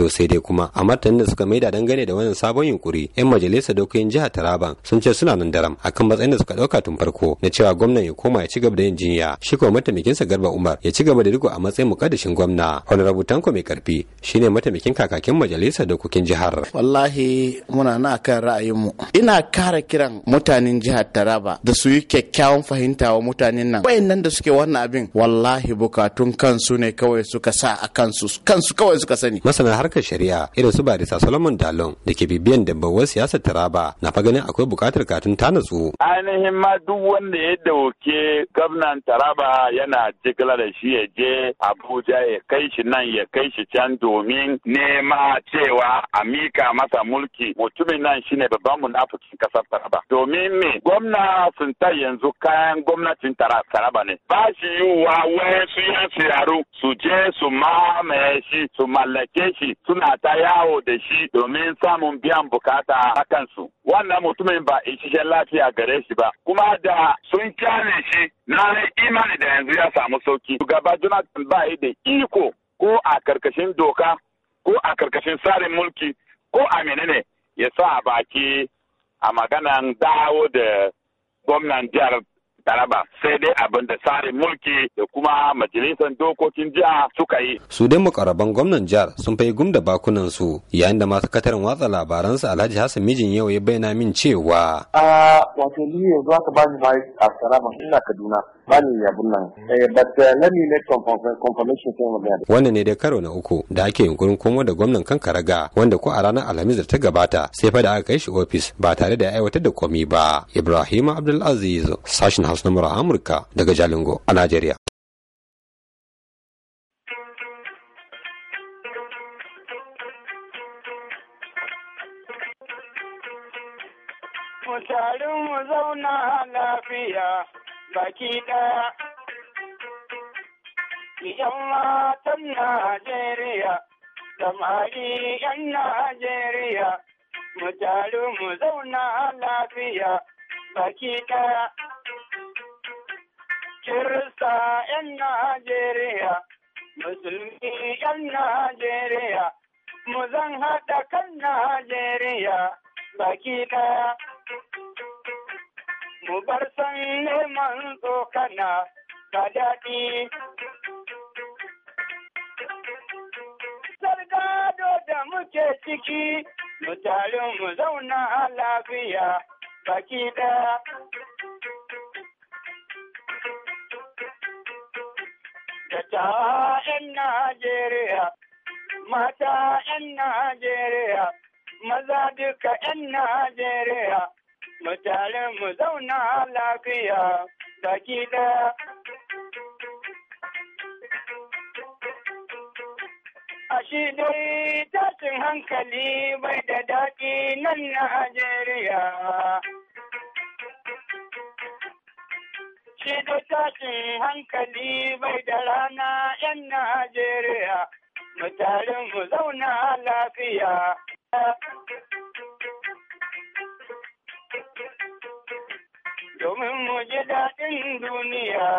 to sai dai kuma a martanin da suka maida dangane da wannan sabon yunkuri yan majalisar dokokin jihar Taraba sun ce suna nan daram akan matsayin da suka dauka tun farko na cewa gwamnan ya koma ya ci gaba da yin jinya shi kuma sa garba umar ya ci gaba da riko a matsayin mukaddashin gwamna honorable ko mai karfi shine mataimakin kakakin majalisar dokokin jihar wallahi muna na kan ra'ayinmu ina kara kiran mutanen jihar taraba da su yi kyakkyawan fahimta wa mutanen nan wayannan da suke wannan abin wallahi bukatun kansu ne kawai suka sa a kansu kansu kawai suka sani masana har harkar shari'a irin su barisa solomon dalon da ke bibiyan dambawar siyasar taraba na fa ganin akwai bukatar katun ta natsu ainihin ma duk wanda ya dauke gwamnan taraba yana jigila da shi ya je abuja ya kai shi nan ya kai shi can domin nema cewa a mika masa mulki mutumin nan shine babban munafikin kasar taraba domin me gwamna sun ta yanzu kayan gwamnatin taraba ne ba shi yiwuwa wayansu yan siyaru su je su mamaye shi su mallake shi suna ta yawo da shi domin samun biyan bukata a kansu. Wannan mutumin ba isheshen lafiya gare shi ba, kuma da sun kyale shi na imani da yanzu ya samu sauki. Shugaba Jonathan ba da iko ko a karkashin doka ko a karkashin tsarin mulki ko a menene ya sa baki a maganan dawo da gwamnan jihar Taraba sai dai abin da tsarin mulki da kuma majalisar dokokin jiha suka yi. Su dai makaraban gwamnan jihar sun fai gum da bakunan su yayin da masu katarin watsa labaransa Alhaji Hassan Mijin yau ya bayyana min cewa. A ah, wato ni yanzu aka bani ma a Taraba ina Kaduna. bani eh, eh, wannan ne dai karo na uku da ake yunkurin komo da gwamnan kan karaga wanda ko a ranar alhamis da ta gabata sai fa da aka kai shi ofis ba tare da ya aiwatar da komi ba ibrahim abdulaziz sashin hausa na amurka daga jalingo a najeriya Mutarin mu zauna lafiya baki ɗaya. Yan matan Najeriya, samari yan Najeriya, mu taru mu zauna lafiya baki ɗaya. Kirista yan Najeriya, Musulmi yan Najeriya, mu zan haɗa kan Najeriya baki ɗaya. Mu bar san neman tsokana ka daɗi. Sargado da muke ciki, mu mu zauna a lafiya baki ɗaya. Dattawa 'yan Najeriya, mata 'yan Najeriya, maza duka 'yan Najeriya. Mutane mu zauna lafiya baki ɗaya. A shi dai tashin hankali bai da daɗi nan Najeriya. Shi dai tashin hankali bai da rana 'yan Najeriya. Mutane mu zauna lafiya. domin mu ji daɗin duniya.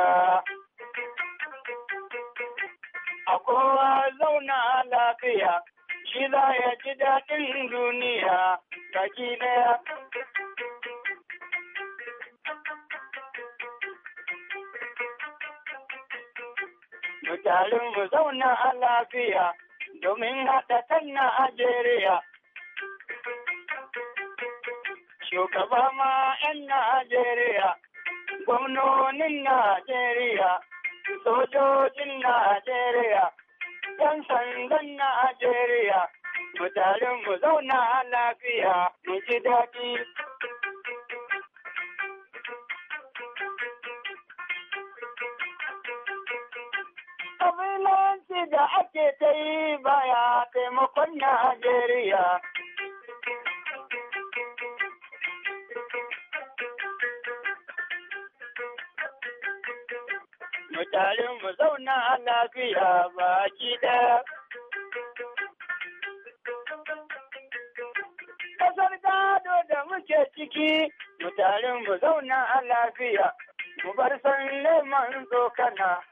A kowa zauna lafiya, shi za ya ji daɗin duniya baki ɗaya. Mutanen mu zauna a lafiya, domin haɗa kan Najeriya. shugaba ma 'yan Najeriya, gwamnonin Najeriya, sojojin Najeriya, 'yan sandan Najeriya, mu mu zauna lafiya mu ji daɗi. Kabilanci da ake ta yi baya taimakon Najeriya. mu mu zauna lafiya baki ɗaya. Kasar gado da muke ciki, mu mu zauna lafiya, mu bar san leman zokana.